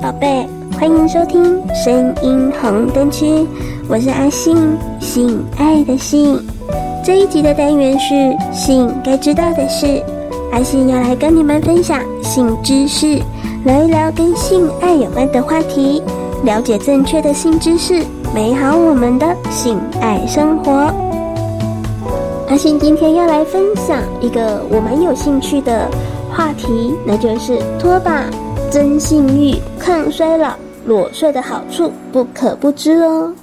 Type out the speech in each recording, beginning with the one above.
寶貝，歡迎收聽《聲音紅燈區》，我是阿信，性愛的性。這一集的單元是性該知道的事，阿信要來跟你們分享性知識，聊一聊跟性愛有關的話題，了解正確的性知識，美好我們的性愛生活。阿信今天要來分享一個我蠻有興趣的話題，那就是脫吧。增性慾、抗衰老，裸睡的好處不可不知哦。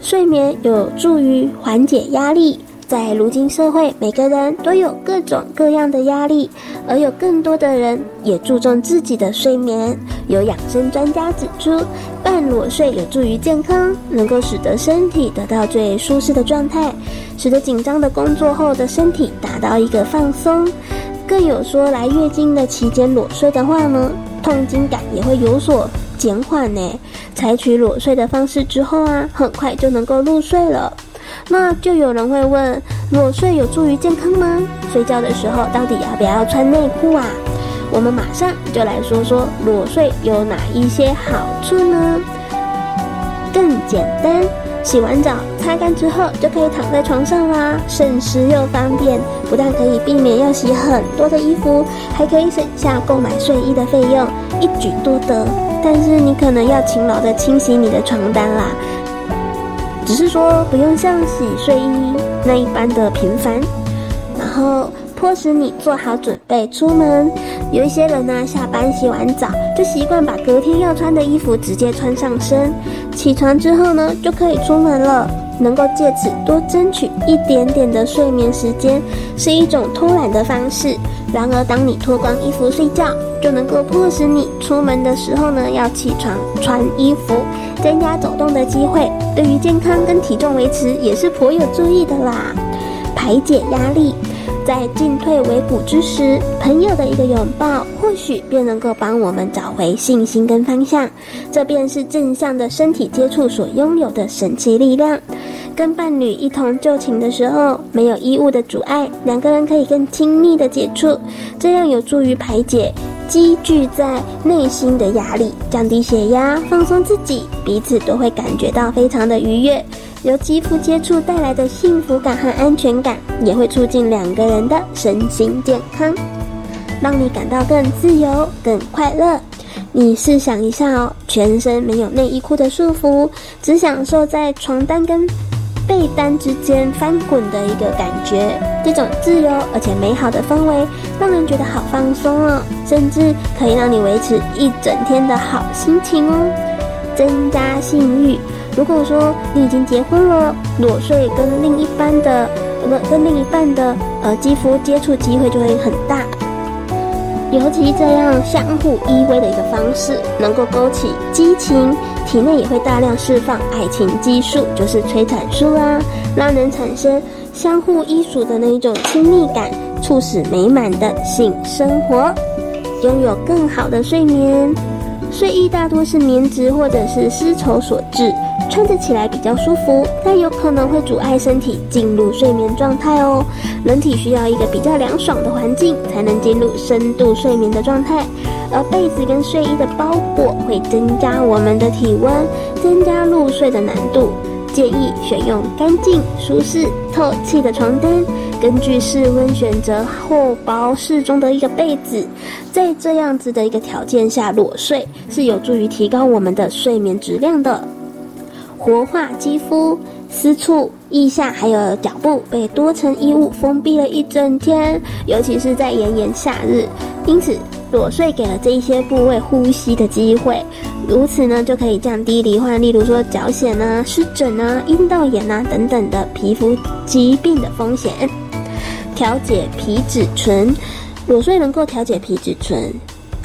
睡眠有助於緩解壓力，在如今社會，每個人都有各種各樣的壓力，而有更多的人也注重自己的睡眠。有養生專家指出，半裸睡有助於健康，能夠使得身體得到最舒適的狀態，使得緊張的工作後的身體達到一個放鬆。更有說來月經的期間裸睡的話呢，痛經感也會有所減緩呢。採取裸睡的方式之後啊，很快就能夠入睡了。那就有人會問，裸睡有助於健康嗎？睡覺的時候到底要不要穿內褲啊？我們馬上就來說說裸睡有哪一些好處呢？更簡單。洗完澡擦乾之後，就可以躺在床上啦，省時又方便。不但可以避免要洗很多的衣服，還可以省下購買睡衣的費用，一舉多得。但是你可能要勤勞的清洗你的床單啦，只是說不用像洗睡衣那一般的頻繁。然後迫使你做好準備出門。有一些人呢、啊，下班洗完澡就習慣把隔天要穿的衣服直接穿上身。起床之後呢，就可以出門了，能夠借此多爭取一點點的睡眠時間，是一種偷懶的方式。然而，當你脫光衣服睡覺，就能夠迫使你出門的時候呢，要起床穿衣服，增加走動的機會，對於健康跟體重維持也是頗有助益的啦，排解壓力。在進退維谷之時，朋友的一個擁抱，或許便能夠幫我們找回信心跟方向。這便是正向的身體接觸所擁有的神奇力量。跟伴侶一同就寢的時候，沒有衣物的阻礙，兩個人可以更親密的接觸，這樣有助於排解。積聚在內心的壓力，降低血壓，放鬆自己，彼此都會感覺到非常的愉悅。由肌膚接觸帶來的幸福感和安全感，也會促進兩個人的身心健康，讓你感到更自由、更快樂。你試想一下哦，全身沒有內衣褲的束縛，只享受在床單跟。被單之間翻滾的一個感覺，這種自由而且美好的氛圍，讓人覺得好放鬆哦，甚至可以讓你維持一整天的好心情哦，增加性慾。如果說你已經結婚了，裸睡跟另一半的、呃、跟另一半的，我們跟另一半的呃肌膚接觸機會就會很大。尤其這樣相互依偎的一個方式，能夠勾起激情，體內也會大量釋放愛情激素，就是催產素啦，讓人產生相互依屬的那一種親密感，促使美滿的性生活，擁有更好的睡眠。睡衣大多是棉質或者是絲綢所致。穿着起來比較舒服，但有可能會阻礙身體進入睡眠狀態哦。人體需要一個比較涼爽的環境才能進入深度睡眠的狀態，而被子跟睡衣的包裹會增加我們的體溫，增加入睡的難度。建議選用乾淨、舒適、透氣的床單，根據室溫選擇厚薄適中的一個被子，在這樣子的一個條件下裸睡是有助於提高我們的睡眠質量的。國畫肌膚、私處、腋下還有腳部被多層衣物封閉了一整天，尤其是在炎炎夏日，因此裸睡給了這一些部位呼吸的機會，如此呢就可以降低罹患，例如說腳癬啊、濕疹啊、陰道炎啊等等的皮膚疾病的風險。調節皮脂醇，裸睡能夠調節皮脂醇。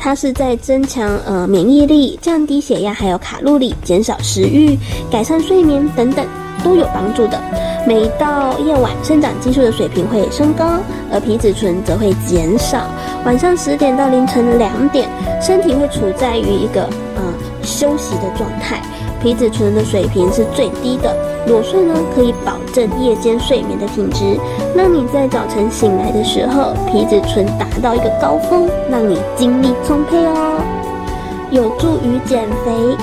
它是在增強呃免疫力、降低血壓，還有卡路里、減少食慾、改善睡眠等等，都有幫助的。每到夜晚，生長激素的水平會升高，而皮質醇則會減少。晚上十點到凌晨兩點，身體會處在於一個呃休息的狀態，皮質醇的水平是最低的。裸睡呢，可以保證夜間睡眠的品質，讓你在早晨醒來的時候，皮質醇達到一個高峰，讓你精力充沛哦。有助於減肥，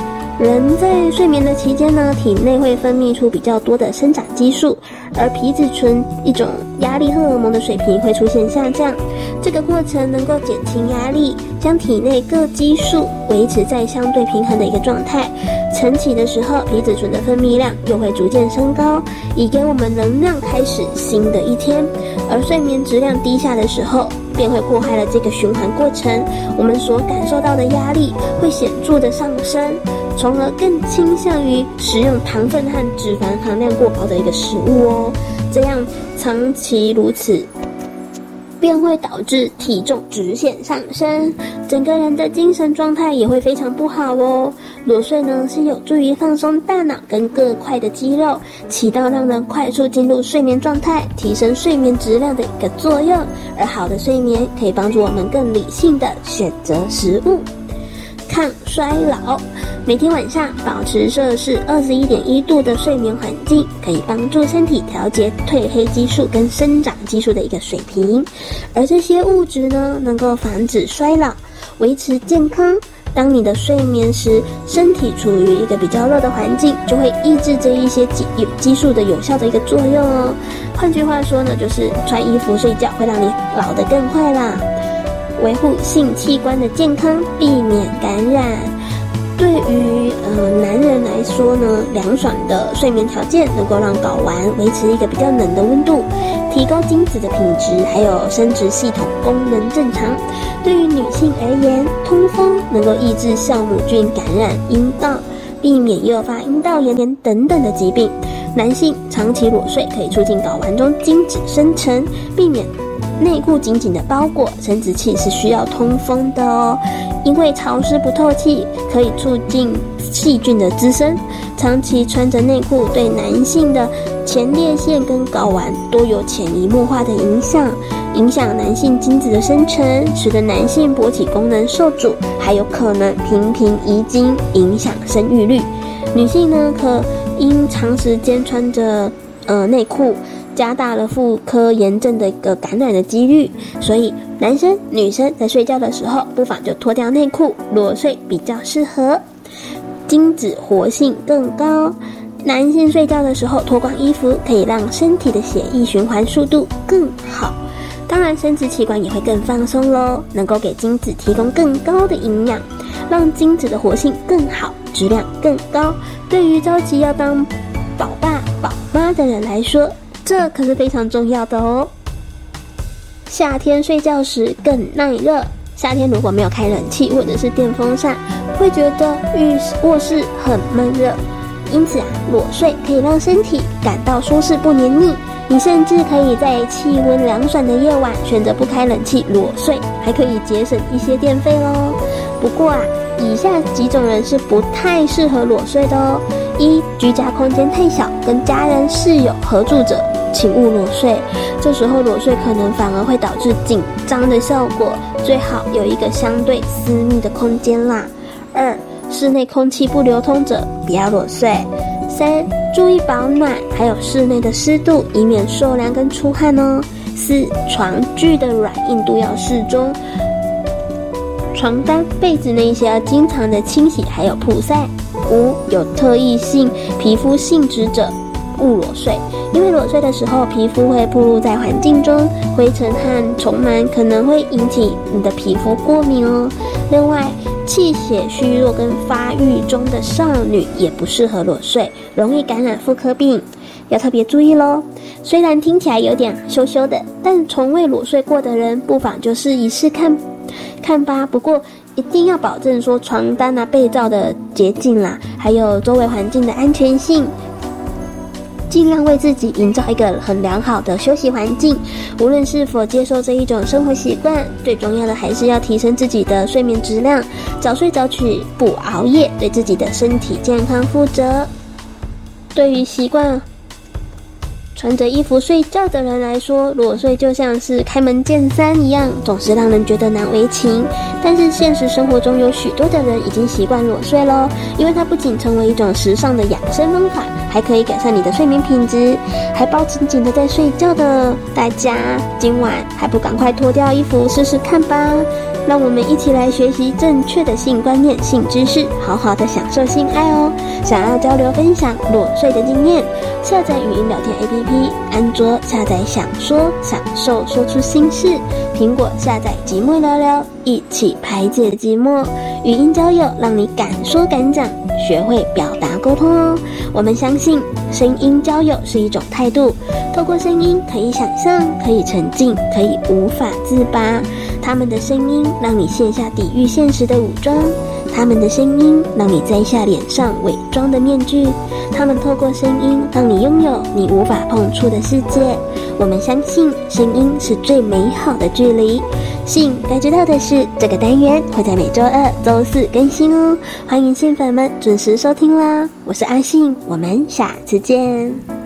人在睡眠的期間呢，體內會分泌出比較多的生長激素，而皮質醇一種壓力荷爾蒙的水平會出現下降，這個過程能夠減輕壓力，將體內各激素維持在相對平衡的一個狀態。晨起的時候，皮質醇的分泌量又會逐漸升高，以給我們能量，開始新的一天。而睡眠質量低下的時候，便會破壞了這個循環過程。我們所感受到的壓力會顯著的上升，從而更傾向於食用糖分和脂肪含量過高的一個食物哦。這樣長期如此。便會導致體重直線上升，整個人的精神狀態也會非常不好哦。裸睡呢是有助於放鬆大腦跟各塊的肌肉，起到讓人快速進入睡眠狀態、提升睡眠質量的一個作用。而好的睡眠可以幫助我們更理性的選擇食物，抗衰老。每天晚上保持攝氏二十一點一度的睡眠環境，可以幫助身體調節褪黑激素跟生長激素的一個水平，而這些物質呢，能夠防止衰老，維持健康。當你的睡眠時，身體處於一個比較熱的環境，就會抑制這一些激激素的有效的一個作用哦。換句話說呢，就是穿衣服睡覺會讓你老得更快啦。維護性器官的健康，避免感染。對於呃男人來說呢，涼爽的睡眠條件能夠讓睾丸維持一個比較冷的溫度，提高精子的品質，還有生殖系統功能正常。對於女性而言，通風能夠抑制酵母菌感染陰道，避免誘發陰道炎等等的疾病。男性長期裸睡可以促進睾丸中精子生成，避免。內褲緊緊的包裹生殖器是需要通風的哦，因為潮濕不透氣，可以促進細菌的滋生。長期穿着內褲對男性的前列腺跟睾丸都有潛移默化的影響，影響男性精子的生成，使得男性勃起功能受阻，還有可能頻頻遺精，影響生育率。女性呢，可因長時間穿着呃內褲。加大了婦科炎症的一個感染的幾率，所以男生女生在睡覺的時候，不妨就脫掉內褲，裸睡比較適合。精子活性更高，男性睡覺的時候脫光衣服，可以讓身體的血液循環速度更好，當然生殖器官也會更放鬆嘍，能夠給精子提供更高的營養，讓精子的活性更好，質量更高。對於着急要當寶爸寶媽的人來說。這可是非常重要的哦。夏天睡覺時更耐熱，夏天如果沒有開冷氣或者是電風扇，會覺得浴室、臥室很悶熱。因此啊，裸睡可以讓身體感到舒適不黏膩。你甚至可以在氣溫涼爽的夜晚選擇不開冷氣裸睡，還可以節省一些電費哦。不過啊，以下幾種人是不太適合裸睡的哦：一、居家空間太小，跟家人室友合住者。請勿裸睡，這時候裸睡可能反而會導致緊張的效果，最好有一個相對私密的空間啦。二、室內空氣不流通者不要裸睡。三、注意保暖，還有室內的濕度，以免受涼跟出汗哦。四、床具的軟硬度要適中，床單、被子那些要經常的清洗，還有鋪曬。五、有特異性皮膚性質者。勿裸睡，因為裸睡的時候，皮膚會暴露在環境中，灰塵和蟲蟎可能會引起你的皮膚過敏哦。另外，氣血虛弱跟發育中的少女也不適合裸睡，容易感染婦科病，要特別注意咯。雖然聽起來有點羞羞的，但從未裸睡過的人不妨就試一試看看吧。不過一定要保證說床單啊、被罩的潔淨啦，還有周圍環境的安全性。盡量為自己營造一個很良好的休息環境，無論是否接受這一種生活習慣，最重要的還是要提升自己的睡眠質量，早睡早起，不熬夜，對自己的身體健康負責。對於習慣穿着衣服睡覺的人來說，裸睡就像是開門見山一樣，總是讓人覺得難為情。但是現實生活中有許多的人已經習慣裸睡咯，因為它不僅成為一種時尚的養生方法。還可以改善你的睡眠品質，還抱緊緊的在睡覺的大家，今晚還不趕快脫掉衣服試試看吧！讓我們一起來學習正確的性觀念、性知識，好好的享受性愛哦。想要交流分享裸睡的經驗，下載語音聊天 APP，安卓下載享說享受說出心事，蘋果下載寂寞聊聊，一起排解寂寞，語音交友讓你敢說敢講，學會表達溝通哦。我們相信，聲音交友是一種態度。透過聲音，可以想象，可以沉浸，可以無法自拔。他們的聲音讓你卸下抵禦現實的武裝，他們的聲音讓你摘下臉上偽裝的面具。他們透過聲音，讓你擁有你無法碰觸的世界。我們相信，聲音是最美好的距離。性該知道的事，這個單元會在每週二、週四更新哦。歡迎性粉們準時收聽啦！我是阿信，我們下次見。